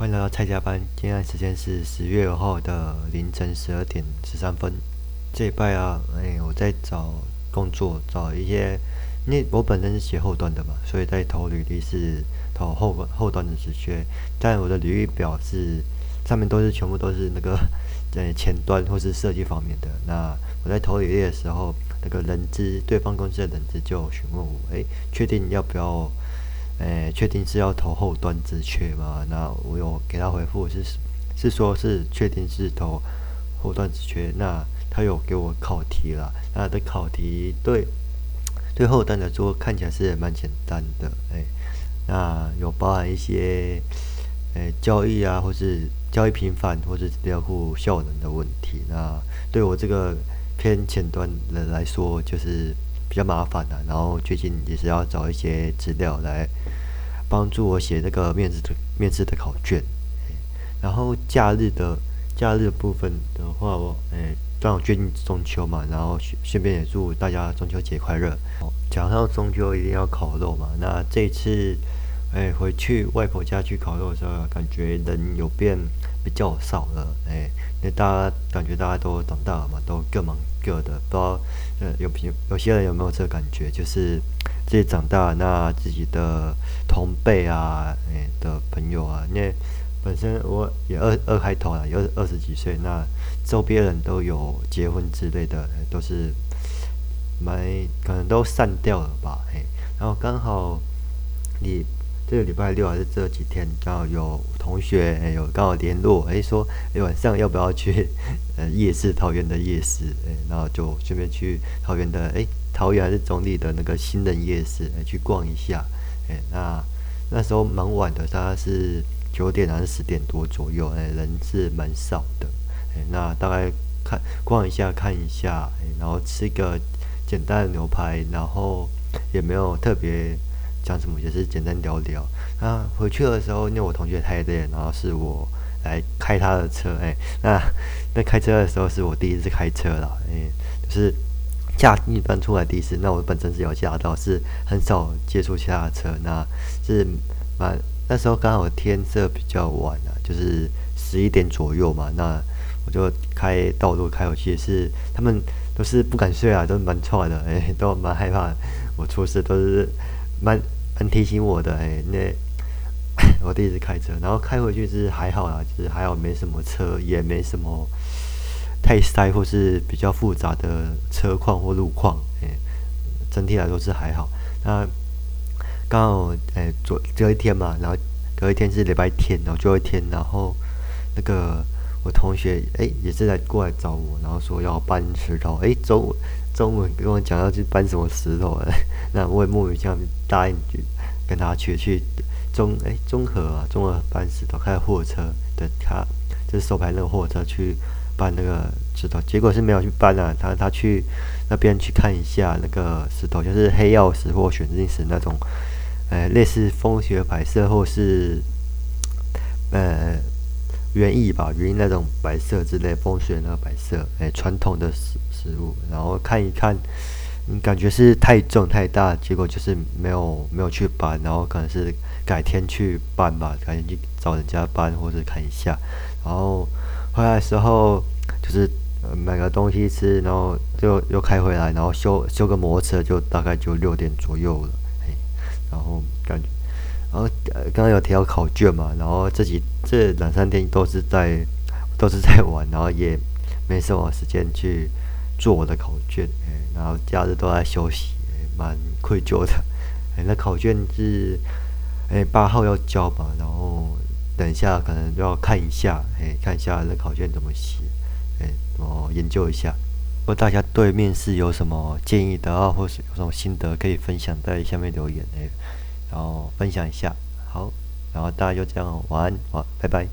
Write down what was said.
歡迎來到菜加班，今天的時間是十月二號的凌晨十二點十三分。這禮拜啊，哎，我在找工作，找一些，因為我本身是寫後端的嘛，所以在投履歷是投後後端的職缺，但我的履歷表是上面都是全部都是那個在前端或是設計方面的。那我在投履歷的時候，那個人資對方公司的人資就詢問我，哎，確定要不要？誒，確定是要投後端職缺嗎？那我有給他回復是，是是說，是確定是投後端職缺。那他有給我考題啦，那的考題對對後端來說看起來是蠻簡單的，誒，那有包含一些誒交易啊，或是交易頻繁，或是交互效能的問題。那對我這個偏前端的人來說，就是。比較麻煩的。啊，然後最近也是要找一些資料來幫助我寫這個面試的面試的考卷，欸。然後假日的假日的部分的話，欸、我誒正好最近中秋嘛，然後順便也祝大家中秋節快樂。加上中秋一定要烤肉嘛，那這一次誒、欸、回去外婆家去烤肉的時候，感覺人有變比較少了，誒、欸，那大家感覺大家都長大了嘛，都各忙。有的不知道，呃，有有些人有沒有這個感覺？就是自己長大，那自己的同輩啊，哎、欸、的朋友啊，那本身我也二二開頭了，有二十幾歲，那周邊人都有結婚之類的，欸、都是蠻可能都散掉了吧，哎、欸，然後剛好你。這個禮拜六還是這幾天，剛好有同學誒有剛好聯絡，哎，說，哎，晚上要不要去，呃，夜市桃園的夜市，哎，然後就順便去桃園的，哎，桃園還是中壢的那個興仁夜市誒，去逛一下，哎，那那時候蠻晚的，大概是九點還是十點多左右，哎，人是蠻少的，哎，那大概看逛一下看一下，哎，然後吃一個簡單的牛排，然後也沒有特別。講什麼也是簡單聊聊。那回去的時候，因為我同學也太累，然後是我來開他的車。哎、欸，那那開車的時候是我第一次開車了，哎、欸，就是駕訓班出來第一次。那我本身是有駕照，是很少接觸其他車，那是蠻那時候剛好天色比較晚了，啊，就是十一點左右嘛。那我就開道路開回去，是他們都是不敢睡啊，都蠻錯的，哎、欸，都蠻害怕我出事，都是。蠻蠻提醒我的哎、欸，那我第一次開車，然後開回去是還好啦，就是還好沒什麼車，也沒什麼太塞或是比較複雜的車況或路況，哎、欸，整體來說是還好。那剛好哎、昨、欸、隔一天嘛，然後隔一天是禮拜天，然後最後一天，然後那個我同學哎、欸、也是在過來找我，然後說要搬石頭，哎、欸、走。中文，跟我講要去搬什麼石頭，那我也莫名其妙答應去跟他去去中，哎、中和啊，中和搬石頭，開貨車的，他就是手排那個貨車去搬那個石頭，結果是沒有去搬啊，他他去那邊去看一下那個石頭，就是黑曜石或玄晶石那種，呃、類似風雪白色或是呃。園藝吧，園藝那種擺設之類風水的那個擺設，哎，傳統的食食物，然後看一看，嗯，感覺是太重太大，結果就是沒有沒有去搬，然後可能是改天去搬吧，改天去找人家搬或者是看一下，然後回來的時候就是買個東西吃，然後就又開回來，然後修修個摩托車，就大概就六點左右了，哎，然後感覺。然後剛剛有提到考卷嘛，然後這幾這兩三天都是在都是在玩，然後也沒什麼時間去做我的考卷，哎、然後假日都在休息，哎、蠻愧疚的。哎、那考卷是哎八號要交吧，然後等一下可能就要看一下，哎，看一下那考卷怎麼寫，哎，我研究一下。如果大家對面試有什麼建議的啊或是有什麼心得可以分享，在下面留言哎。然後分享一下，好，然後大家就這樣，晚安，晚安，拜拜。